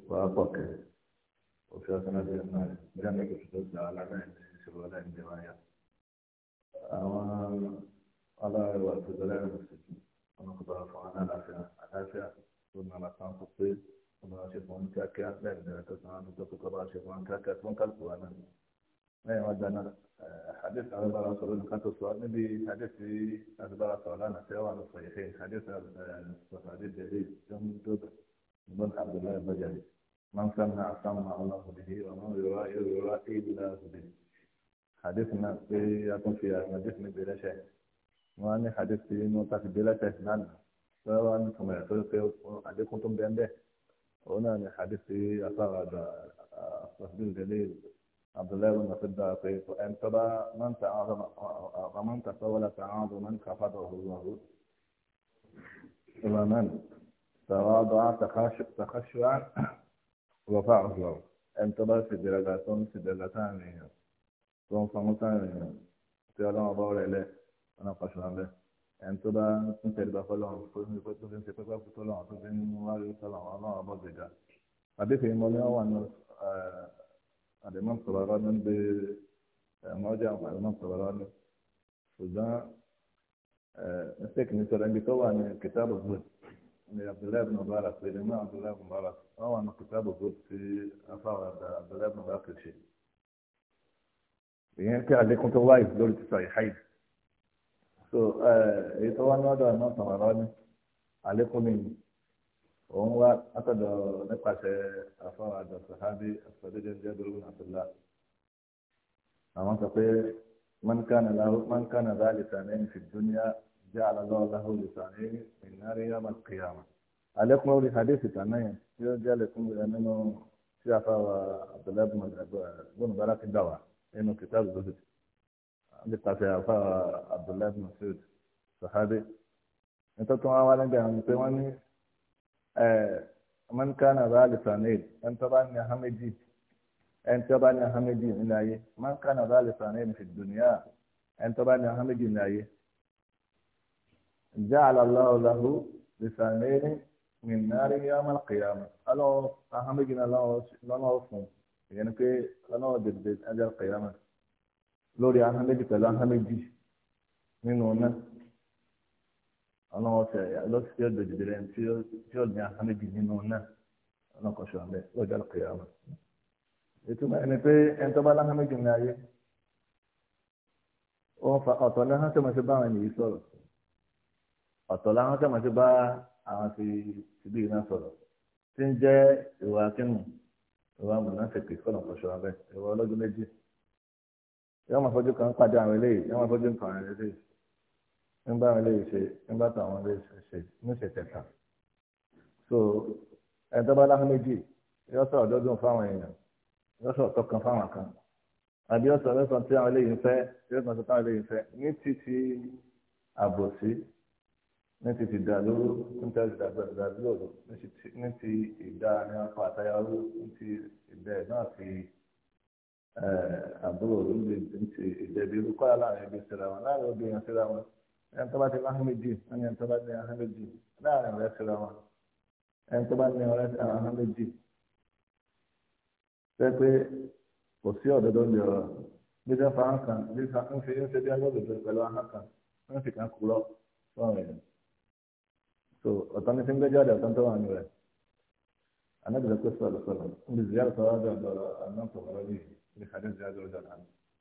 kwa kwake ukiwa sana sana bila nikifika alama sibala ndiwaya ama ala wa tadala msikiti ona kwa faana afya afya kuna na tangu pia kuna shida moja kia ndio tunataka tukubali shida moja kia tunakaliwa na ايه ودنا حديث على بلا صلى كانت السؤال نبي حديث على بلا صلى انا سواء الصحيحين حديث حديث جديد جمدود من عبد الله البجلي من سمع سمع الله به ومن يرائي يرائي الله به حديثنا في يكون في حديثنا بلا شيء وأنا حديث في نقطة بلا شيء نعم سواء أنكم يعتقدوا عليكم تم بأنبه هنا حديث في أثار الصحابي الجليل عبد الله بن مسعود في أن ترى من تعاظم ومن تسول تعاظما كفره الله ومن تواضع تخشع رفعه الله ẹni tó bá sì dẹ̀rẹ̀gà tó ń sì dẹ̀rẹ̀gà táàrin èèyàn tó ń famú táàrin èèyàn tí ọlọ́run bá rẹ̀ lẹ̀ ọ̀nà pàṣẹwọ́n bẹ́ẹ̀ ẹni tó bá ń tẹ̀lé bá fọlọ́run tó fi ń ṣe pẹ́pẹ́ fún tọ́lọ́run tó fi ń mú wáyé tọ́lọ́run ọlọ́run bọ̀ gbẹ̀gà àbíkè mọ́ ní ọ̀wà ní àdèmọ́ sọ̀rọ̀ ní bí mọ́jà àdèmọ́ sọ̀rọ̀ ní ṣùgbọ́n mistake ní sọ̀rọ̀ níbi tó wà ní kìtàbù gbòòsì من عبد الله بن مبارك بإمام عبد الله بن مبارك روى أن كتابه قد في أثار عبد الله بن مبارك الشيء يعني كان عليكم تواي في دولة الصحيحين so يتوان هذا ما تمرني عليكم مني وهو أتد نقاش أثار عبد الصحابي الصديق جابر بن عبد الله أما تقول من كان له من كان ذلك في الدنيا جعل الله له لسانين في النار يوم القيامة عليكم أولي حديث تنين شو جاء لكم لأنه شافا عبد الله بن بن براك الدواء إنه كتاب زهد لقد شافا عبد الله بن مسعود صحابي أنت تقول أولا جاء من آه، من كان ذا لسانين أنت بان حمدي أنت بان حمدي من أي من كان ذا لسانين في الدنيا أنت بان حمدي من أي جعل الله له لسانين من نار يوم القيامة الله أهم جنا لو لو فهم يعني كي لو دد دد أجل القيامة لوري أهم جي كلا أهم جي من هنا أنا وسا لو سير دد دد سير سير نيا أهم جي من هنا أنا كشوان به أجل جل القيامة إتوما يعني كي أنت بالله أهم جي نايم أو فأطلعها تمسبان يسولف ọ̀tọ̀ làwọn kẹ́mọ̀ ti bá àwọn ti ti bí iná sọ̀rọ̀ tí ń jẹ́ ìwà akínú ìwà mùnàfẹ̀kì kọ́nà kọ́ṣọ́ abẹ́ ìwà ọlọ́dún méjì yọ́n máa fojú kan pàdé àwọn eléyìí yọ́n máa fojú kan àwọn eléyìí ń bá àwọn eléyìí ṣe ń bá tàwọn eléyìí ṣe níṣẹ́ tẹ̀ka so ẹni tó bá láhùn méjì yọ́ sọ̀rọ̀ dọ́dún fáwọn èèyàn yọ́ sọ̀rọ̀ tọkàn fáwọn kan àbí yọ́ sọ̀rọ̀ lẹ́sàn tí àwọn eléyìí ń fẹ́ yọ́ sọ̀rọ̀ tí àwọn eléyìí ń fẹ́ ní ti ti àbòsí ní ti ti dà lóró ní ti ti dàgbà dà lóró ní ti ìdá ní apá àtayáwó ní ti ìdá ẹ̀ náà àbúrò ní ti ìdá ibi irú kọ́lá láàrin ibi síra wọn láàrin obìnrin síra wọn ẹni tó bá ti máa ń méjì ẹni tó bá méjì láàrin ọ̀rẹ́ wọn ẹni tó bá so ọ̀tọ̀ ní sínú gbẹ́jáde ọ̀tọ̀ tó wà nù rẹ̀ anábìlẹ̀ pé sọ̀rọ̀ sọ̀rọ̀ níbi ziyara sọ̀rọ̀ ọ̀dọ̀ ọ̀dọ̀ anáfọ̀rọ̀ yìí ní hadith ziyara ọ̀dọ̀ náà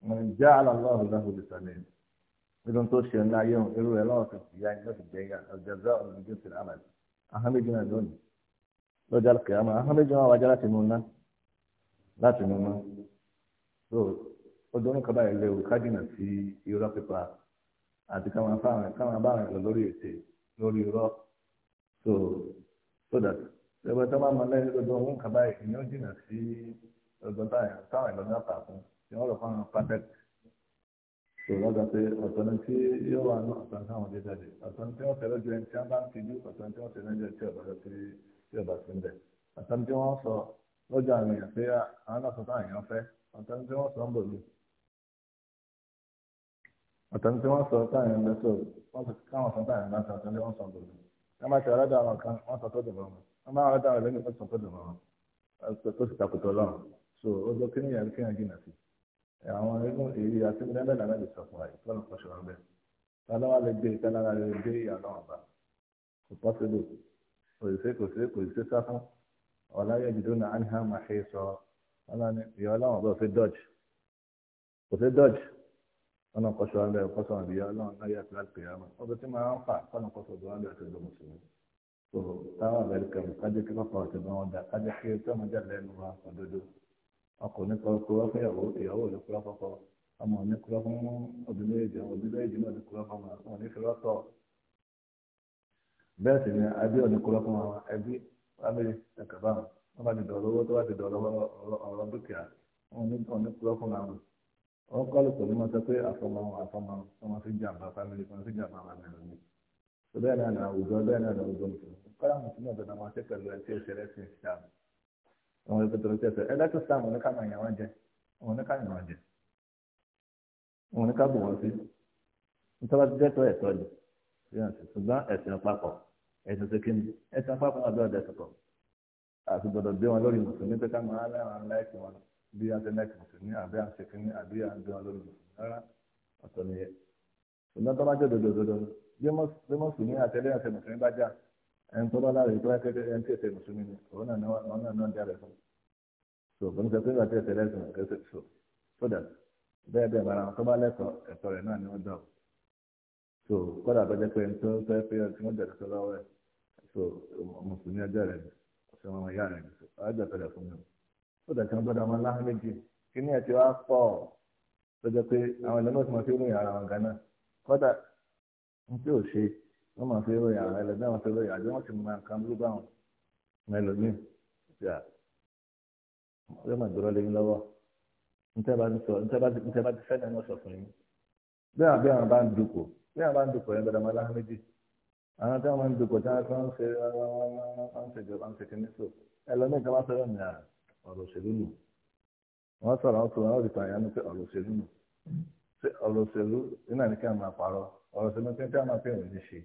wọn já aláwọ̀ láhùn lè sọ nìyẹn nínú tó ṣe ńlá yẹn irú rẹ̀ lọ́wọ́ ti tìyà ní lọ́sì jẹ́yà ọ̀jọ̀zọ́ ọ̀rọ̀dẹ́gbẹ́ ti rà màlì ahámẹ́jì náà lónìí lọ́jà kìámà ahámẹ́jì náà wájà láti mú ná láti mú ná so ọjọ́ ní kaba ilé ewu kájìnà sí irọ́ so so that ẹgbẹ tó bá mọ lẹ́yìn gbogbo owó nǹkan báyìí ìyẹn ó jìnnà sí ọgbọ́n táwọn ìlọrin àtàkùn tí wọ́n lọ fáwọn pàtẹ́kì so wọ́n pé ọ̀tọ̀ni tí yóò wà ní ọ̀tọ̀ ní àwọn jíjẹ́ dé ọ̀tọ̀ni tí wọ́n tẹ̀lé ju ẹni tí wọ́n bá ń tijú ọ̀tọ̀ni tí wọ́n tẹ̀lé ju ẹni tí ọ̀bà sí tí ọ̀bà sí ń bẹ̀ ọ̀tọ̀ni tí wọ́n sọ lójú àwọn èèyàn pé ah, àwọn náà sọ fún àyàn fẹ́ ọ̀tọ̀ni tí wọ́n sọ ń bò mí ọ̀tọ̀ni tí wọ́n sọ fún àyàn lẹ́sọ̀ wọ́n sọ káwọn sọ fún àyàn lẹ́sọ̀ tí wọ́n sọ ń bò mí wọ́n máa tẹ̀wọ́ lọ́dọ̀ àwọn kan wọ́n sọ tó dùn lọ́wọ́ wọ́n máa lọ́dọ̀ àwọn lẹ́yìn wọ́n sọ tó dùn lọ́wọ́ tó sì takùtọ̀ lọ́wọ́ so ó jọ kí nìyẹn kí nìyẹn jìnnà sí àwọn eégún èyí àti mẹ́lẹ́ làná lè sọ fún wa ìfọ́nà kọ́ṣọ́ wọn bẹ́ẹ̀ lọ́dọ̀ wa lè gbé ìtẹ́lára lè gbé ìyànà ọ̀bà kò pọ́sibú kò sí kò sí kò sí sáfún ọ̀láyé jìdónà ánìhàn máa ṣe sọ ọlọ́ni ìyọ́ ọlọ́wọ́n bẹ́ẹ̀ fi dọ́j kò sí dọ́j ọlọ́run kọ́sọ̀ alẹ́ kọ́sọ̀ àríyá ọlọ́run náà yàtọ̀ láti pèyà mọ́ ọdún tí máa ń fà kọ́nà kọ́sọ̀ ọdún alẹ́ àti ọdún mùsùlùmí tó táwọn àbẹ̀rẹ̀ kájẹ́ kí pápá ọ̀tẹ̀ bá wọn dà kájẹ́ kí lẹ́nu wa ọkọ̀ nípa ìyàwó ìyàwó ní kúrọ́ ọmọ ní kúrọ́ fún ọ owó tó ti dọ̀rọ̀ ọ̀rọ̀ dúkìá wọn ní fún ọkọlù pẹ̀lú máa sọ pé àfọmọ àfọmọ ọmọ sí jàmbá fámìlì kan sí jàmbá máa nà ní. tó bẹ́ẹ̀ náà ní na bẹ́ẹ̀ náà ní àwùjọ mùsùlùmí kọ́lá mùsùlùmí ọ̀dọ̀ náà máa ṣe pẹ̀lú ẹ̀ tí ó ṣẹlẹ̀ sí islam. àwọn ẹgbẹ́ tó ń tẹ̀sẹ̀ ẹ dákẹ́ sáà wọn ní ká máa yàn jẹ wọn ní ká yàn jẹ wọn ní ká bù sí. ẹ̀tọ́ ni ṣùgbọ́n ẹ̀sìn ẹ̀sìn bí a ti lẹ́kì mùsùlùmí àbí a ṣe kínní àbí a gbé wọn lórí rárá ọ̀tọ̀ nìyẹn ṣùgbọ́n tó bá jẹ́ dòdòdòdò bí mùsùlùmí àtẹlẹ́ àti mùsùlùmí bá jà ẹni tó bá lára èyí tó bá kéde ẹni tí èsè mùsùlùmí ni òun náà wọn náà náà jáde fún so òun sọ pé nígbà tí èsè lẹ́sìn ẹsẹ̀ so so that bẹ́ẹ̀ bẹ́ẹ̀ bára wọn tó bá lẹ́kọ̀ọ́ ẹ̀tọ́ rẹ̀ náà ni wọ́n dọ̀ so kọ́dà bá jẹ́ pé ni ọ̀sẹ̀ wọn ó dàtí wọn gbọ́dọ̀ ọmọ ńlá méjì kíní ẹ̀ tí wàá pọ̀ tó jẹ́ pé àwọn ìlànà òsì máa fi ròyìn ara wọn gánà kọ́dà n tí ò ṣe wọ́n máa fi ròyìn ara ẹlẹ́gbẹ́ wọn fi ròyìn àjọ wọn sì máa kan ló bá wọn mẹlòmíì ti à yóò máa dúró lẹ́yìn lọ́wọ́ ntẹ́ bá ti fẹ́ nínú ọ̀sọ̀ fún yín bí àwọn bí àwọn bá ń dupò bí àwọn bá ń dupò yẹn gbọ́dọ̀ ọmọ ńlá àwọn tí wọn máa ń dupò tí wọn ń ṣe wọn ń ṣe jọba ń ṣe kìnnìṣó ọ̀rọ̀ òṣèlú nù wọ́n sọ̀rọ̀ àwọn tòun láti tàyà ní pé ọ̀rọ̀ òṣèlú nù ṣé ọ̀rọ̀ òṣèlú nínà ní kí a máa parọ́ ọ̀rọ̀ òṣèlú ní kí a máa pè wọ́n ní ṣe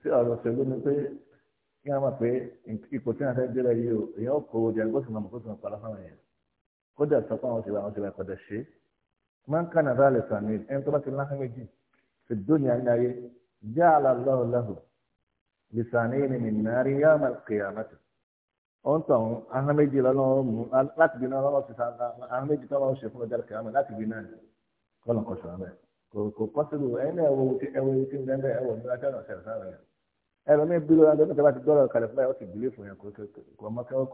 ṣé ọ̀rọ̀ òṣèlú pé kí a máa pé ipò tí a fẹ́ délẹ̀ yìí o èèyàn kò ó di agbóṣù máa mọ̀ kó sì máa parọ́ fáwọn èèyàn kódà sọ pé àwọn ti wà àwọn ti wà ìpàdé ṣe máa ń kà nàdá àlẹ́ sàmì ẹni tó bá ti láhán méjì ó ń tàn ahọ́n méjì lọ́nà mú láti bí náà lọ́wọ́ sí sa ahọ́n méjì tó lọ́wọ́ ṣe fún ọjà kẹrìnmọ́ láti bí náà kọ́nà kọ̀ṣọ́ rẹ̀ kò kò pọ́sibú ẹni ẹ̀wọ̀ ẹ̀wọ̀ tí ń dẹ́gbẹ́ ẹ̀wọ̀ ní ajá náà ṣẹ̀ṣẹ̀ rẹ̀ ẹ̀rọ mi bí lọ́wọ́ ẹgbẹ́ tí dọ́là kalẹ̀ fúnra ó sì gbélé fún yẹn kò mọ kí ó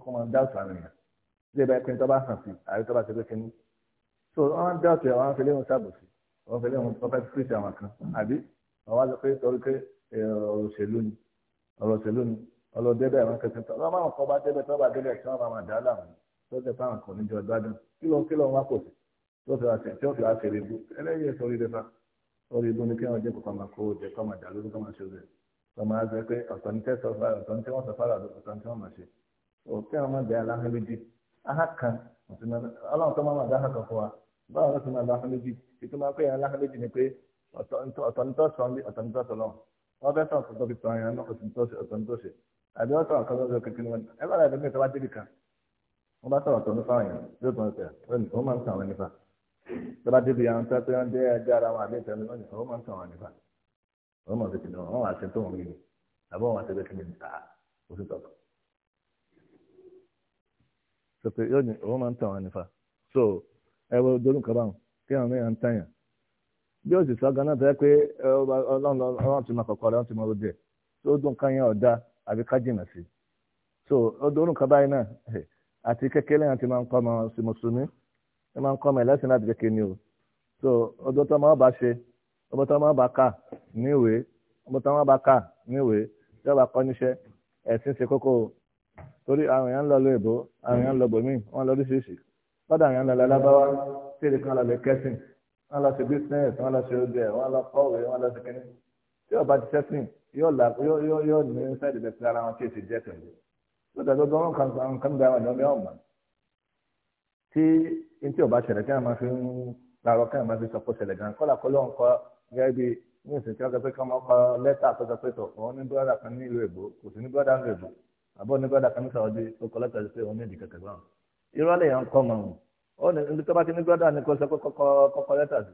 kó máa dáàtù àmì yẹn tí ìbá ẹ̀pin tó bá hàn sí àbí tó bá ti gbẹ́kẹ́ ní. so wọ́n dáàtù ẹ̀ wọ́n fi léwọn sábòsí wọ́n fi léwọn pọ́fẹ́ fíríṣì àwọn kan àbí wọ́n wá lọ pé torí pé ọ̀rọ̀ òṣèlú ni ọ̀rọ̀ òṣèlú ni ọlọ débẹ̀ wọn kẹsẹ̀ tán wọn máa kọ́ bá débẹ̀ tán bá débẹ̀ tí wọn máa máa dá láàmú lọ́sẹ̀ táwọn kan níjọ gbádùn kí ló ń kò sí tó fi àṣẹ tí ó fi àṣẹ rẹ̀ bú ẹlẹ́yìn sọ oríire fa orí ibú ni kí wọn jẹ́ kó máa kó jẹ kó máa dà lórí kó máa ṣe rẹ̀ kó máa gbẹ pé ọ̀tọ̀ ní tẹ́sán fara ọ̀tọ̀ ní tí sọ fara ọ̀tọ̀ ní tí máa ṣe òkè àwọn máa bẹ̀rẹ̀ láhán méjì áhán kan ọlọ́run tó máa máa dáhán kan fún wa báwo ló ti máa láhán méjì ìtumọ̀ pé yẹn láhán méjì ni pé ọ̀tọ̀ ní tọ́sán ọ̀tọ̀ ní tọ́sán lọ́wọ́ wọ́n fẹ́ àbí wọ́n sọ̀rọ̀ kan lọ́dọ̀ kékeré wọn ẹ bá rà lọ́gbẹ̀ẹ́ tó bá débì kan wọ́n bá sọ̀rọ̀ tó ní fáwọn yẹn yóò tó ń sẹ̀ wọ́n máa ń sàn wọn nípa tó bá débì àwọn tó ń jẹ́ ẹjọ́ ara wọn àbí ìtẹ̀lẹ́ wọn nìkan wọ́n máa ń sàn wọn nípa wọ́n máa fi kìnìún wọn wà ṣe tó wọn yìí àbí wọn wà ṣe bẹ́ẹ̀ kìnìún ta oṣù tọ̀tọ̀ so pé yóò ní wọ́n máa ń tàn wọn nípa so ẹ wo dolú kan báwọn kí àwọn mẹ́rin ń tàyàn bí ó sì sọ ganan tó yẹ pé ọlọ́run ti máa kọ̀kọ́ rẹ̀ wọ́n ti máa ro díẹ̀ tó dùn káyọ̀ ọ̀dà àbí ká jìnà sí so ọdún orun kan báyìí náà eh, àti kékeré àti máa ń kọ́ ọmọ sí mùsùlùmí ẹ máa ń kọ́ ọmọ ẹlẹ́sìn láti kékeré ni o so ọdún tó máa bá ṣe ọdún tó máa bá kà ní ìwé ọdún tó máa bá kà ní ìwé tí wọ́n bá kọ́ níṣẹ́ ẹ̀sìn ṣe kókó o torí àwọn èèyàn ń lọ lọ ìbò àwọn èèyàn ń lọ bòmíì wọ́n lọ oríṣiríṣi lọ́dọ̀ àwọn èèyàn lọ lálábáwá tí kan lọ lè kẹ́sìn wọ́n lọ sí bísínẹ́ẹ̀sì wọ́n lọ sí oúnjẹ wọ́n lọ kọ́wé wọ́n lọ sí kínní tí ọba ti sẹ́sìn yóò là yóò yóò yóò ní sáìdì bẹ́ẹ̀ sílára wọn tí èsì jẹ́ pẹ̀lú tó dàgbà gbọ́n kan kan kan dára ní ọmọ ọmọ tí ntí ọba ṣẹlẹ̀ kí wọn máa fi ń làárọ̀ kí wọn máa fi sọ̀kò ṣẹlẹ̀ gan kọ́là kọ́lọ́ ń kọ́ gẹ́gẹ́ bí ní ìsìn tí wọ́n sọ pé kí wọ́n kọ́ lẹ́tà tó sọ pé tọ̀ òun ní bírọ́dà kan ní ìlú èbó kò sí ní bírọ́dà ní èbó àbọ̀ ní bírọ́dà kan ní sàwọ́dí ó kọ́ lẹ́tà sí pé òun ní ìdí kẹ̀kẹ́ gbọ́n irọ́ lè yàn kọ́ mọ̀ ọ́n ó ní tó bá ti ní bírọ́dà ni kò sọ pé kọ́kọ́ lẹ́tà sí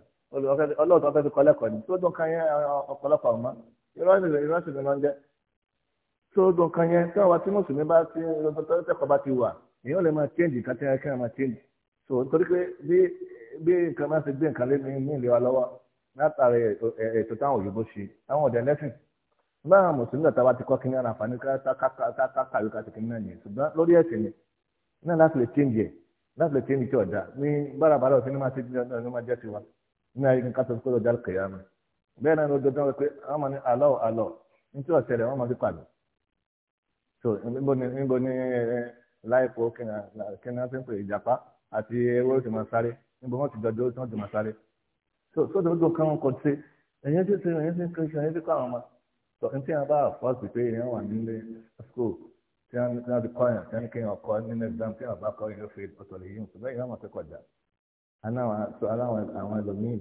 ọlọ́ọ̀tọ́ fẹ́ fi kọ́ lẹ́kọ̀ọ́ ni tó dún kan yẹn ọ̀pọ̀lọpọ̀ ọ̀mọ́ irọ́ nílẹ̀ irọ́ sì lọ́nà jẹ́ tó dùn kan yẹn tí àwọn tí mùsùlùmí bá ti tẹ́kọ̀ọ́ bá ti wà èèyàn lè máa change nǹkan tí wọ́n máa change so nítorí pé bí bí nǹkan máa ṣe gbé nǹkan lé ní ìlú wa lọ́wọ́ látàrí ètò táwọn òyìnbó ṣe táwọn ọ̀dẹ̀ lẹ́sìn báwọn mùsùlùmí náà táwa ti kọ́ kí ní ara àǹfààní káàkiri káàkiri kí ní náà yẹn ṣùgbọ́n lórí ẹ̀sìn ni náà láti lè change yẹn láti lè change tí ọ̀dà ní bárabàrà òfin ní máa ṣe ní ọjọ́ jẹ́ tiwa ní ayé kí n ká sọ fún ọjọ́ àlùkò yàrá bẹ́ẹ̀ náà ló dọ́dọ́ wọn pé wọ́n máa ní àlọ́ àlọ́ nítorí ọ̀sẹ̀lẹ̀ wọ́n máa fi pàdé so níbo ni níbo ni eh, láìpọ̀ kíni ti ń pè ìjàpá àti ewúro ti máa sáré níbo wọ́n ti dọ́dọ́ tí wọ́n ti máa sáré so ti so ní tí wọ́n bá pé wà nílé tí wọ́n ti kọ́ yàn tí wọ́n kí kọ́ nínú exam tí wọ́n bá kọ́ yàn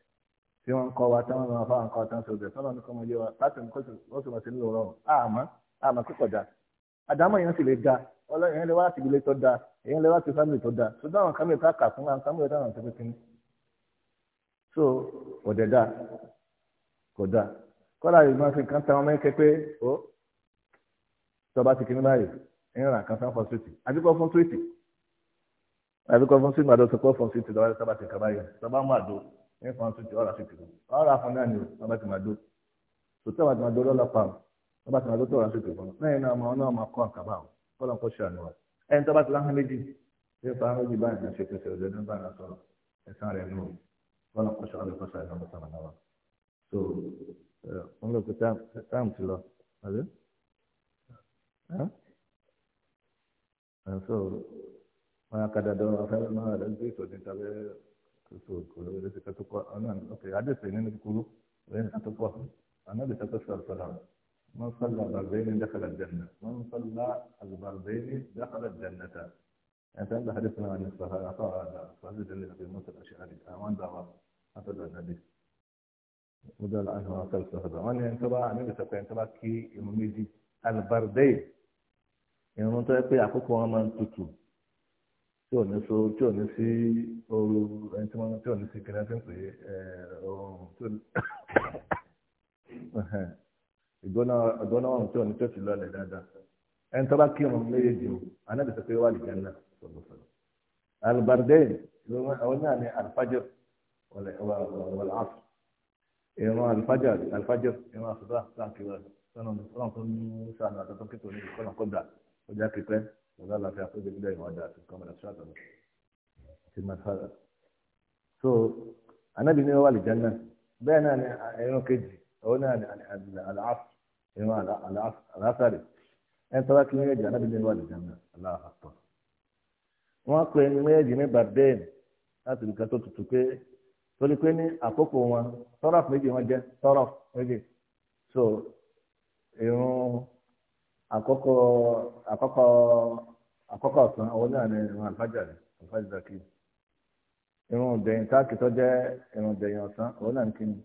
tí wọ́n ń kọ́ wa táwọn ọmọ afáwọn kan tán sọ̀rọ̀ tọ́lá ní kọ́mọ yé wa láti mú kóso wọn sí nílò rọrùn àmọ́ àmọ́ kíkọ̀ da àdámọ̀ yẹn sì lè da ọlọ́yìn lè wá láti ilé tó da èyàn lè wá láti fámìlì tó da ṣùgbọ́n àwọn kámẹ́ káàkà fún wa kámẹ́ táwọn tó kékeré so kò dẹ̀ da kò da kọ́lá yìí máa fi kán táwọn mẹ́kẹ́ pé ó tọba ti kíní báyìí ẹ̀yìn ràn kán sáà fọ́n síìtì àbíkọ́ fún síìtì àbíkọ́ fún síìtì ní fan twenty ọ̀rà fifty two ọ̀rà fún náà ni o bàbá ti máa dó sòtẹ́ bàbá ti máa dó lọ́lọ́ pa o bàbá ti máa dó tó ọ̀rà fifty fún un lẹ́yìn náà máa náà máa kọ́ àkàbà o kọ́lọ́ kó ṣe àníwá ẹni tó bá ti láhán méjì ṣé fa méjì báyìí náà ṣe pèsè ọ̀dọ́ nígbà náà sọ̀rọ̀ ẹ̀sán rẹ̀ nù kọ́lọ́ kó ṣe àníwá so n lò pé táàm ti lọ so wọn akadàdọ̀ afẹ́ máa rẹ̀ gbé ìtọ́jú tàbí kò kẹtù kọ ọlọ́run ok adéṣe nínú kúrú lẹ́yìn kẹtù kọ anábì kẹtù sọ̀rọ̀ من صلى ضربين دخل الجنة من صلى الضربين دخل الجنة أنت عند حديثنا عن الصحابة صحابة الجنة في موسى الأشعري أمان دعوة أنت النبي وده الآن هو أصل صحابة وأنا ينتبع النبي سبقى ينتبع كي يميزي البردين يعني منطقة يعقوك وما تتو tí ò ní so tí ò ní sí ooru ẹni tí wọ́n tí ò ní sí kíni ẹni pé eh, oorun tí ò ní ìgbóná ìgbóná tí ò ní tẹ̀sí lọ́lẹ̀ dáadáa ẹni tó bá kírun méjèèjì o anábì pé wà lìjẹ́ náà sọ̀rọ̀sọ̀rọ̀ albardain àwọn náà ní alfajr wàlẹ̀ afu ìrún alfajr alfajr ìrún àfùdá sáà kí wọ́n sọ̀rọ̀ tó ń sàánú àtàtọ́ kí ní ìkọlọ̀ kọ́dà ọjà pípẹ́ ọ̀gá àlàáfíà tó gbé bílẹ̀ ìwádà àti kọ́mọ̀dà ṣáàtọ̀ lọ sí mafara so anábì ní wà lìjánná bẹ́ẹ̀ náà ni ẹran kejì ọ̀hún náà ni ẹran àlàáfàrè ẹni tọ́lá kí méjèèjì anábì ní wà lìjánná aláàfàtọ̀ wọ́n pe ẹni méjèèjì ní bàbẹ́ẹ̀n láti nǹkan tó tutù pé torí pé ní àkókò wọn tọ́rọ̀f méjì wọn jẹ́ tọ́rọ̀f méjì so irun àkọ́kọ́ àkọ́kọ́ àkọ́kọ́ ọ̀sán ọwọ́ náà ni ìrun àlùfájà ni àlùfájà zakí ìrun ọ̀dẹ̀yìn táàkì tó jẹ́ ìrun ọ̀dẹ̀yìn ọ̀sán ọwọ́ náà ni kí ni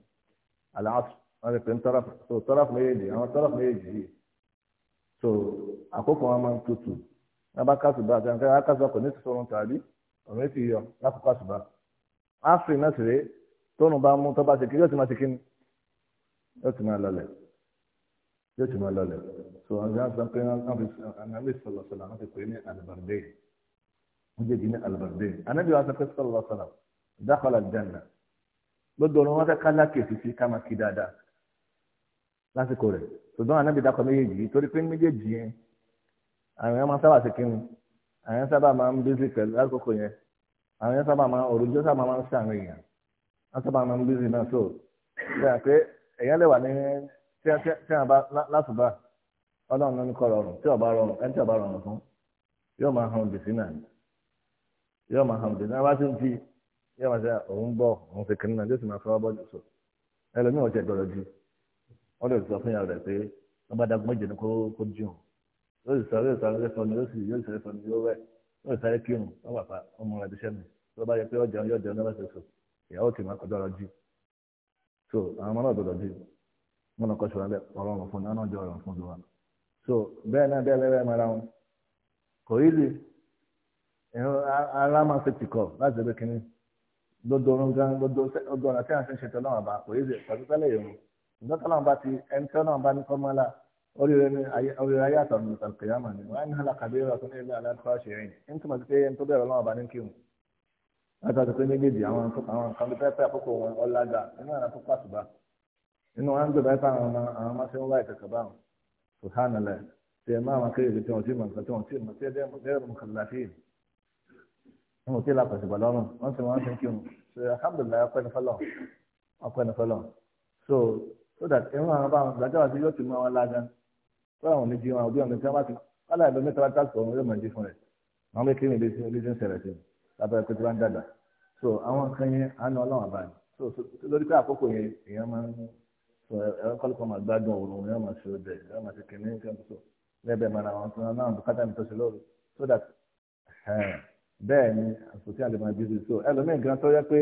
àlàáfù wọ́n ti pè ní tọ́rọ̀fù so tọ́rọ̀fù méjèèjì àwọn tọ́rọ̀fù méjèèjì yìí so àkókò wọn máa ń tutù wọn bá kásùbà àti àwọn akásùbà kò ní ti tàbí ọ̀rọ̀ ètò yọ lákòókò àsùbà áfírí náà sì rèé tó yóò ti máa lọlẹ̀ so àwọn àgbà pé anabi sọlọ sọlọ àwọn ti pè ní alibarde wọn jẹ kí ní alibarde anabi wa sọ pé sọlọ sọlọ dákọlá jẹnna gbogbo ọ̀rọ̀ wọn fẹ́ ká lákèsí sí ká máa kí dáadáa lásìkò rẹ̀ ṣùgbọ́n anabi dákọ méjèèjì yìí torí pé méjèèjì yẹn àwọn yẹn máa sábà ṣe kírun àwọn yẹn sábà máa ń bísí pẹ̀lú àkókò yẹn àwọn yẹn sábà máa òrùjọ́ sábà máa ń ṣàwọn èèyàn wọn sábà máa ń bísí náà tí a bá lásùbà ọlọ́run ló ní kọ́ rọrùn tí ọba rọrùn ẹni tí ọba rọrùn fún yóò máa hàn gbèsè náà yóò máa hàn gbèsè náà bá ti ń fi yóò máa ṣe òun bọ̀ òun fi kiri náà yóò sì máa fọwọ́ sọ ẹlòmíì ọ̀jẹ̀ ju wọ́n lè sọ fún ìyàwó rẹ̀ pé dagun méje kó jùn yóò sì sọ yóò sọ yóò sì yóò sọ yóò wẹ̀ yóò wọn lọkọ ṣọlá bẹ ọ̀rọ̀ ọ̀rọ̀ fún náà jọ ọ̀rọ̀ fún tiwa so bẹ́ẹ̀ náà bẹ́ẹ̀ bẹ́ẹ̀ mara wọn kò yí lè ara máa ṣe tìkọ láti ẹgbẹ́ kínní dodo orun gan dodo ọdọ ọ̀nà tí a ṣe ń ṣètò náà bá kò yí lè pàṣẹ tẹ́lẹ̀ yẹn ìdọ́tà náà bá ti ẹni tẹ́ náà bá ní kọ́mọ́lá oríire ní oríire ayé àtàwọn ìlú kàlùkìyàmà ni wọn á ní hàn àkàbí ẹ̀rọ tó ní ilé aláǹkọ́ àṣeyìn ní túmọ̀ àwọn kan tó fẹ́ àkókò wọn ọ̀làdà nínú àná tó pàṣùbà inú wa ń gbé báyìí fáwọn ọmọ àwọn ọmọ tí wọn wáyé kàkà báwọn sùhánàlẹ tí ẹ máa wọn kéré lè tí wọn tí mọ nǹkan tí wọn tí mọ tí ẹ dẹ́rù mùkàlàfí wọn ò tí ì lápàṣẹpà lọ́rùn wọn ti wọn ti ń kírun ṣe alhamdulilayi ọpẹ́ ní fọlọ ọpẹ́ ní fọlọ so so that irun àwọn báwọn gbàjọ àti yóò ti mú àwọn lága fún àwọn méjì wọn òbí ọmọ tí wọn bá ti wọn láì lọ mẹ́ta bá tàkì òun yóò mọ ìdí fún rẹ àwọn so àwọn kan yẹn àánú Ọlọ́run so lórí pé àkókò yẹn ọkọlùkọ máa gbádùn òun yóò máa ṣe ọdẹ yóò máa ṣe kìnìún nǹkan tó lẹ́bẹ̀ẹ́ máa àwọn tó náà bùkátà ní tọ́sí lóru so that bẹ́ẹ̀ ni àsòsí àlèmọ́ ìbísí so ẹlòmíín gan tó yẹ pé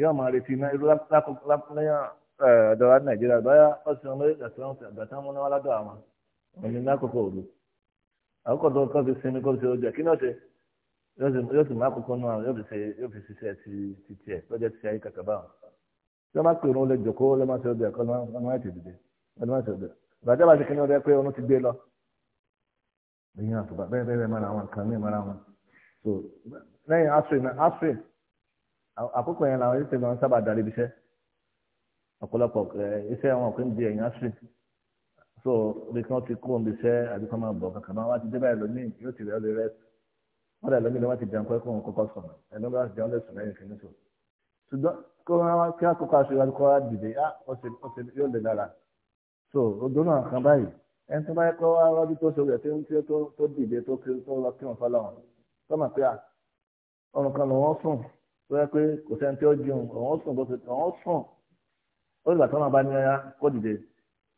yóò máa retí iná irú lẹ́yìn ọ̀dọ́wà nàìjíríà báyà ọ̀sìn olóyè àgbàtà múná wà ládọ̀ àwọn òní lákòókò òru àkókò tó kọ́ fi sinmi kó fi ọjọ́ kí náà ṣe yóò sì má àkókò náà yóò fi ṣiṣẹ́ ti tiẹ̀ lọ́jọ́ ti ṣe ayé kàkà báwọn lọ́ máa pè òun lè jòkó lọ́ máa ṣe ọbẹ̀ ẹ̀kọ́ lọ́ máa tètè dé lọ́ máa ṣe ọbẹ̀ ìbàjẹ́ bá ṣe kí ni ọdẹ pé òun ti gbé lọ. ìyẹn àtùbà bẹ́ẹ̀ bẹ́ẹ̀ mara wọn kan ní mara wọn. so lẹ́yìn asre náà asre àkókò yẹn làwọn ìṣẹ̀lẹ̀ wọn sábà darí ibiṣẹ́ ọ̀pọ̀lọpọ̀ iṣẹ́ wọn kò ń di ẹ̀yìn asre so bí kí wọ́n ti kó omi iṣẹ́ àbí kí wọ́n máa bọ̀ kankan máa wá ti dé báyìí lónìí yóò ti rẹ́ lórí rẹ́ wọ́n dà lónìí ni wọ́n ti jẹun kọ́kọ́ sọ̀rọ̀ ẹ̀ lónìí wọ́n ti jẹun lẹ́sùn lẹ́yìn kìíní sọ̀rọ̀ ṣùgbọ́n kó wọn wá kí àkókò aṣèwà kó wá dìde á ọ̀sẹ̀ yóò lè dára so odò náà kan báyìí ẹni tó bá yẹ kó wá rọ́bí tó ṣe rẹ̀ tí ń tí tó dìde tó kiri tó lọ kí wọn fọlọ́ wọn tọ́mọ̀ pé à ọ̀run kan lòun sùn tó yẹ pé kò sẹ́ni tí ó jẹun òun sùn bó ṣe òun sùn ó lè gbà tó máa bá ní ọyá kó dìde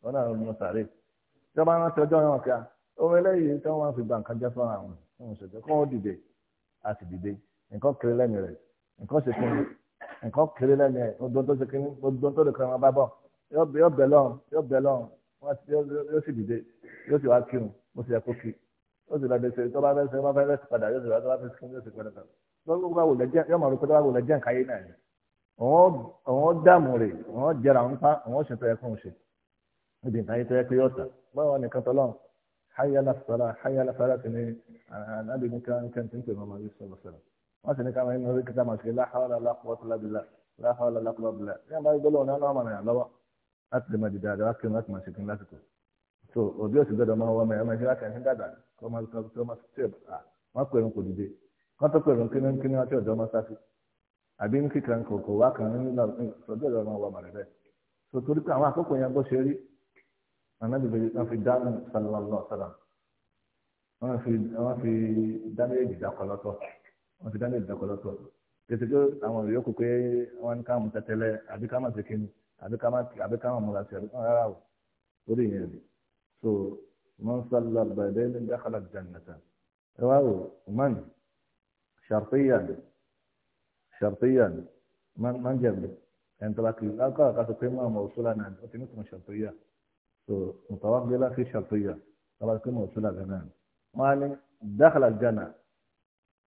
wọn náà ló ń sàrè tí wọn bá rántí ọjọ́ náà nǹkan kéré lẹ́nu ẹ̀ odò tó ṣe kíní odò tó lè kọ́ ọmọ bá bọ̀ yóò bẹ̀ lọ́n yóò bẹ̀ lọ́n yóò sì dìde yóò sì wá kírun mo sì yẹ kó kí yóò sì lọ́dẹ ṣe tó bá fẹ́ ṣe bá fẹ́ rẹ́sì padà yóò sì lọ́dẹ bá fẹ́ ṣe yóò sì padà lọ́wọ́ bá wò lẹ́jẹ́ yóò máa rò pé tó bá wò lẹ́jẹ́ nǹkan yìí náà ni òun dààmú rè òun jẹrà ń pa òun ṣe tó yẹ kó ń ṣe níbi nǹkan yìí tó yẹ pé yóò tà báwọn nìkan tọ́lọ́n hayala sara hayala sara ti ní ànábì nìkan kẹ́ntì ń pè mọ́ màá yìí sọ̀rọ̀ sọ̀rọ̀ wọ́n sì ní káwọn ẹni orí kíkà máa ṣe láhàlá lápọ̀tàlábìlà láhàlá lápọ̀tàlábìlà ní àbáyé gbọ́dọ̀ ọ̀nà àwọn àmàlà lọ́wọ́ láti lè máa dìde àdá láti máa máa ṣe kí n lásìkò so òbí òsì gbọ́dọ̀ máa wọ́n mẹ́rin ẹ̀mẹ́rin láti ẹ̀sìn dàgbà kọ́ máa tó máa ṣe à wọ́n pèrún kò dìde wọ́n tó pèrún kí ní wọ́n tí ọ̀dọ́ máa sáfi àbí ní kíkan kò kò wá kan nínú ọ̀dọ́ wọ́n ti dáná ìdàkọ̀ lọ́tọ̀ tètè tó àwọn ìwé kò pé wọ́n ká mú tẹ́tẹ́lẹ̀ àbí ká má ṣe kíni àbí ká má àbí ká má múra sí àbí ká má rárá o lórí ìyẹn rẹ̀ so wọ́n sálọ bẹ̀rẹ̀ ní dákàlà jannata ẹ wá o man ṣàrtíyà ni ṣàrtíyà ni man jẹ̀bi ẹ̀ ń tọ́ba kiri lákàrà ká sọ pé mọ́ àwọn òṣùlá náà ó ti ní sọ̀rọ̀ ṣàrtíyà so mùtàwá gbé láti ṣàrtíyà tọ́ba kí mọ̀ òṣùlá gan náà á ní dákàlà jannata.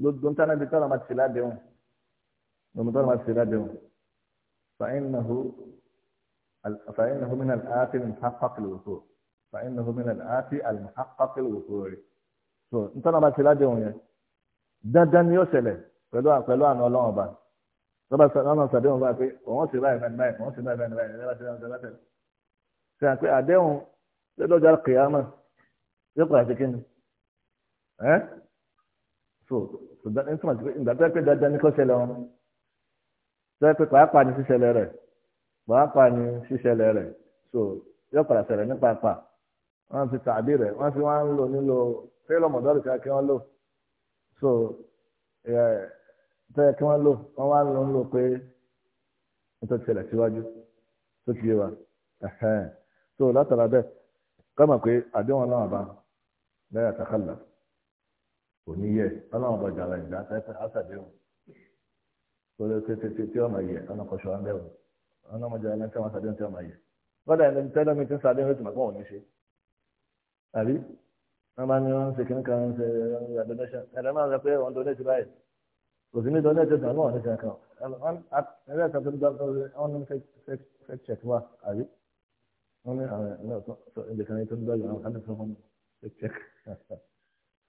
gbogbo ń tánà bí tọ́lá máa ti ládéhùn gbogbo tọ́lá máa ti ládéhùn fàáyínnahu fàáyínnahu min al-aati al-muhaqqaq al-wuqu' fàáyínnahu min al-aati al-muhaqqaq al-wuqu' rẹ̀ so ń tánà máa ti ládéhùn yẹn dandan ni yóò ṣẹlẹ̀ pẹ̀lú pẹ̀lú àná ọlọ́run ọba lọ́ba lọ́nà sàdéhùn bá pé òun sì báyìí báyìí báyìí òun sì báyìí báyìí báyìí lọ́ba sẹ́yìn sẹ́yìn sẹ́yìn ṣe à pé àdéhùn lọ́jọ́ kìámà yóò padà sí kíni ẹ́ so ṣùgbọ́n ní túmọ̀ sí pé ìgbà tó yẹ pé dandan ní kó ṣẹlẹ̀ wọn tó yẹ pé pàápàá ní ṣíṣẹlẹ̀ rẹ̀ pàápàá ní ṣíṣẹlẹ̀ rẹ̀ so yóò padà ṣẹlẹ̀ ní pàápàá wọ́n ti tàbí rẹ̀ wọ́n fi wọ́n ń lò nílò fẹ́lọ̀ mọ̀dọ́rì kí wọ́n lò so tó yẹ kí wọ́n lò wọ́n wá ń lò ń lò pé nítorí ṣẹlẹ̀ síwájú tó ti yé wa so látara bẹ́ẹ̀ kọ́ mọ̀ pé àdéhùn náà bá lẹ́yà tàkàlà kò ní yẹ ọlọ́run bọ̀ jàrá ìjà sẹ́fẹ́ àṣàdéhùn tó lè tètè tí ọmọ yẹ ọ̀nà kọ̀ṣọ́ ọ̀nbẹ̀wò ọ̀nà ọmọ jàrá ẹlẹ́ńtẹ́ wọn sàdéhùn tí ọmọ yẹ bọ́dà ẹni tẹ́lẹ̀ mi ti ń sàdéhùn tí màgbọ́n ò ní ṣe àbí wọ́n bá ní wọ́n ń ṣe kí nǹkan ń ṣe donation ẹ̀rọ pé wọ́n donate báyìí kò sí ní donate tán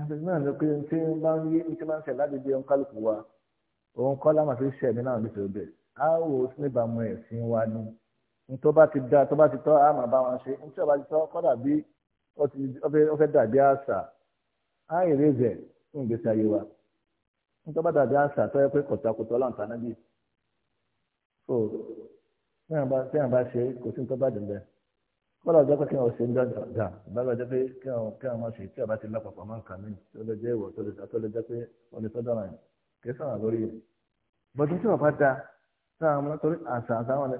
ẹ̀sìn náà ló pé tí ń bá ń yé tí máa ń ṣẹ̀ láti di ohun kálukú wa ohun kọ́ láwọn àti ṣẹ̀ mí náà ló fẹ́ bẹ̀ á wò ó sí níbàámu ẹ̀sìn wa ni ntọ́ bá ti da tọ́ bá ti tọ́ á máa bá wọn ṣe ntọ́ bá ti tọ́ kọ́ dàbí ó fẹ́ dàbí àṣà á èrè rẹ̀ fún ìgbésí ayé wa ntọ́ bá dàbí àṣà tọ́ yẹ pé kọ̀tàkùtà ọlọ́ọ̀tà náà bì so tí wọ́n bá ṣe kò sí ntọ́ bá dùn bẹ́ẹ̀ kọ́lá ọjọ́ pé kí wọ́n ṣe ń dáadáa báyìí ọjọ́ pé kí wọ́n máa ṣe tí a bá ti lápapọ̀ máa ń kà mí tó lè jẹ́ ìwọ̀ tó lè jẹ́ pé wọ́n lè tọ́jú ara yẹn kì í sọ̀rọ̀ lórí rẹ̀ bọ́dún tí wọ́n bá da sáà wọn torí àṣà àṣà wọn lẹ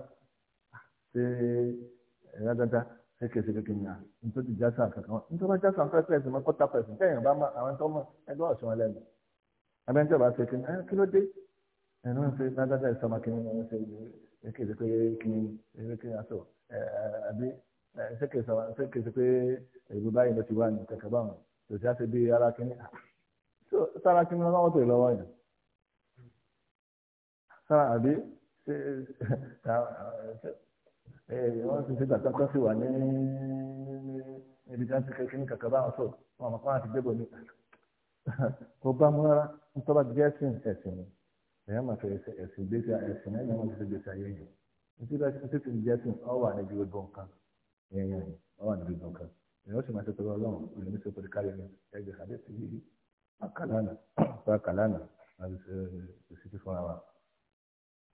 ṣe ẹ̀yà dáadáa ṣe kèsì kékeré ní à nítorí jásà kankan wọn nítorí jásà fẹ́ pẹ̀sì mọ́ kọ́tà pẹ̀sì tẹ̀yìn bá má àwọn tó mọ̀ ẹgbẹ́ ọ̀ṣun Eh, ṣé kìí sọ ṣé kìí sọ pé èrò báyìí ló ti wá ní kẹ̀kẹ́ báwọn kò sí àti bíi ara kínní sára kínní lọ́wọ́ tó lọ́wọ́ yẹn sára àbí wọ́n ti ṣe gbàgbọ́ kọ́ sí wà ní ibi tí wọ́n ti kẹ́kẹ́ ní kẹ̀kẹ́ báwọn tó wọn mọ̀ fún àti débò ní kò bá mú rárá nítorí bá jẹ́ ẹ̀sìn ẹ̀sìn ni èèyàn máa fẹ́ ẹ̀sìn gbèsè ẹ̀sìn ẹ̀yìn wọn ti gbèsè ayé yìí nítorí ìyẹn yẹn wọ́n wà níbi gbọ̀ngàn ìyẹn ó sì máa ṣe pẹ̀lú ọlọ́run ìlú mi ṣe pẹ̀lú kárí mi ẹgbẹ́ sàdé sí àkàlánà fún àkàlánà àti ìṣètì fún ara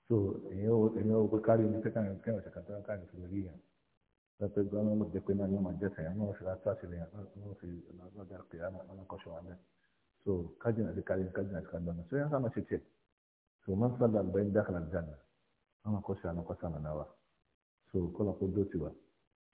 so ìyẹn ó ìyẹn ó pé kárí mi kẹ́kẹ́ kẹ́kẹ́ ọ̀sẹ̀ kan tó ń kárí fún orí yẹn lọ́pẹ́ gbọ́n mo jẹ́ pé náà yóò máa jẹ́ sẹ́yìn náà ṣe láti àṣìlẹ̀ yẹn náà fi lọ́dọ̀ pé àmọ́ ọ̀nà kọ́ṣọ́ wa bẹ́ẹ̀ so kájìnà sí kárí kájìnà sí kájìnà so yẹn sáà ṣe tiẹ̀ so máa ń sábà gbẹ́yìn dákàlà jáde ọ̀nà kọ́ṣọ́ àná kọ́ṣọ́ àná náà wa so kọ́lọ́ kó dó tiwa.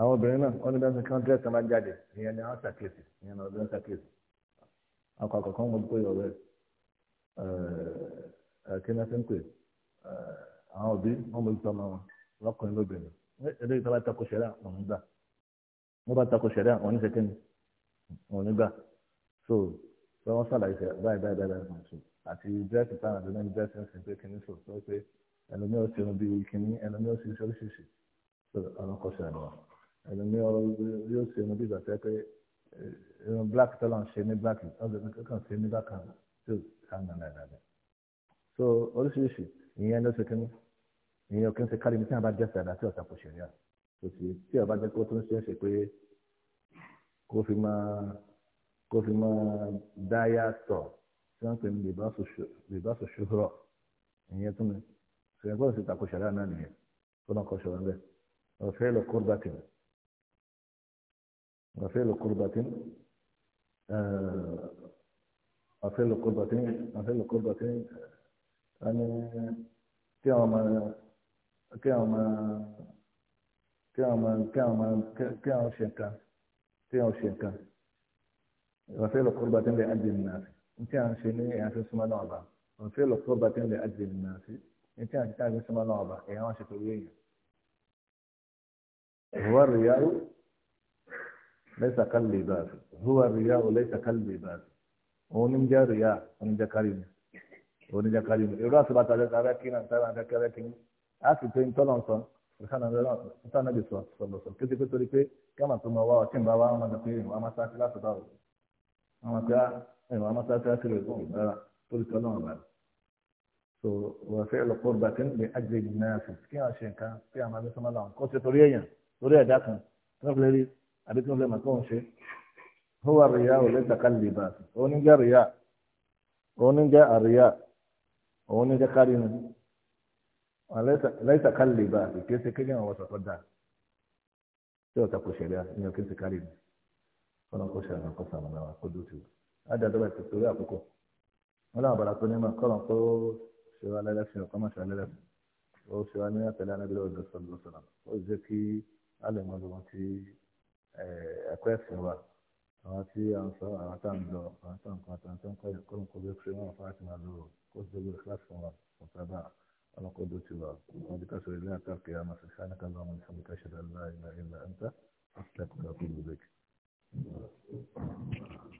àwọn obìnrin náà wọ́n ní bẹ́ẹ̀ kí wọ́n dírẹ́ kan bá jáde ìyẹn ni wọ́n ṣàkíyèsí ìyẹn ni wọ́n ṣàkíyèsí ọkọ̀ àkọ́kọ́ wọn pé ọ̀rẹ́ kí ni wọ́n fi ń pè àwọn òbí wọn mú ìtọ́ ọmọ wọn lọ́kùnrin lóbìnrin eléyìí tó bá takò ṣẹ̀ríà wọn ń gbà wọ́n bá takò ṣẹ̀ríà wọn ní sẹ́kẹ́ni wọn ní gbà so tí wọ́n ṣàlàyé sẹ́ báyìí báyìí báyìí báyìí so àti dírẹ́sì táwọn àdúgbò ní dírẹ́sì ń sìn pé kìnní so tó pé ẹlòmíràn ti ń bí kìnní ẹlòmíràn ti ń ṣe oríṣiríṣi so ọlọ́kọ̀ ṣẹ̀ríà wọn ẹlòmíì ọ̀rọ̀ yóò ṣe ẹnu bí ìgbà tẹ́ pé irun eh, black tọ́lọ̀ ń ṣe ní black ọ̀dọ̀ kan ṣe ní black and still hang on like that so oríṣiríṣi ìyẹn ló ṣe kí ni ìyẹn òkè ń ṣe kárí mi tí wọn bá jẹ sàdá tí ọ̀sà kò ṣe rí à kò sí tí ọba jẹ kó tó ń ṣe é ṣe pé kó fi máa kó fi máa dá yàtọ̀ tí wọ́n pè ní bèbáṣọ ṣòro ìyẹn tún ni ṣèyàn gbọ́dọ̀ ṣe tako ṣàdá náà nìyẹn وفعل قربة آه، وفعل قربة وفعل قربة يعني كيما كيما كيما كيما كيما شيكا كيما شيكا وفعل قربة لأجل الناس إن كان شيء يعني اسمه نعبة وفعل قربة لأجل الناس إن كان شيء في اسمه نعبة يعني ما شكوية هو الرياء lẹ́sà kálí bá a huwa ríyá o lẹ́sà kálí bá a òun ní jẹ́ ríyá òun jẹ́ kárí mi òun ní jẹ́ kárí mi irú àti bàtà lẹ́sà rẹ̀ kí náà sábà rẹ̀ kẹ́rẹ́ kí ní a sì pé ntọ́lọ̀ sọ ìsànà bí sọ sọ̀rọ̀ sọ kété pé torí pé káma tó ma wá ọtí nbà wá ọmọdé pé ìwà máa sáfì láti bá òun àwọn pé ìwà máa sáfì láti rẹ̀ òun rárá torí tọ́lọ̀ ọ̀bà so wọ́n fẹ́ lọ kó bàtí ní àjẹjì náà sí kí wọ́n ṣe nǹkan kí àwọn abẹ́sọ́mọ́ làwọn kó ṣe torí èèyàn torí ẹ̀dá kan tó ń fi lérí àbí tí wọ́n fẹ́ mọ̀ tó ń ṣe ó wà rìyà ò lè tàkàlì bá òun ní jẹ́ rìyà òun ní jẹ́ àríyà òun ní jẹ́ kárí nu lẹ́sà kálí bá kìí ṣe kéde àwọn ọ̀sán tó dáa tí ọ̀sán kò ṣẹlẹ̀ ní ọ̀kí ṣe kárí nu fọlá kò ṣẹlẹ̀ kó sàmù náà kó dùn tù ádá dọ́gba ti torí àkókò wọn làwọn bàrà tó ní ma kọ́ lọ́n kó ṣe wá lẹ́lẹ́sìn ọ̀kọ́ má ṣe wá lẹ́lẹ́sìn ó ṣe wá ní àtẹ̀lé anábìlẹ̀ ọ̀dọ̀ sọ̀rọ̀ sọ̀rọ̀ ó jẹ́ kí alẹ́ mọ́ lọ́wọ́ ẹ̀kọ́ ẹ̀sìn wa àwọn tí a ń sọ àwọn tá à ń lọ àwọn tá à ń kọ́ àtàwọn tó ń kọ́ ẹ̀kọ́ nǹkan bí ṣe wọn fáwọn ti máa lò kó tó gbé kíláàsì wọn ọ̀sábà ọlọ́kọ̀ dó ti wà wọn bí káṣọ ilé àti àpè àmọ́ sí sáà nípa lọ́wọ́ nípa nípa ṣẹlẹ̀ láì láì láì ń tà àti ẹ̀kọ́ ẹ̀kọ́ ìlú bẹ́ẹ̀.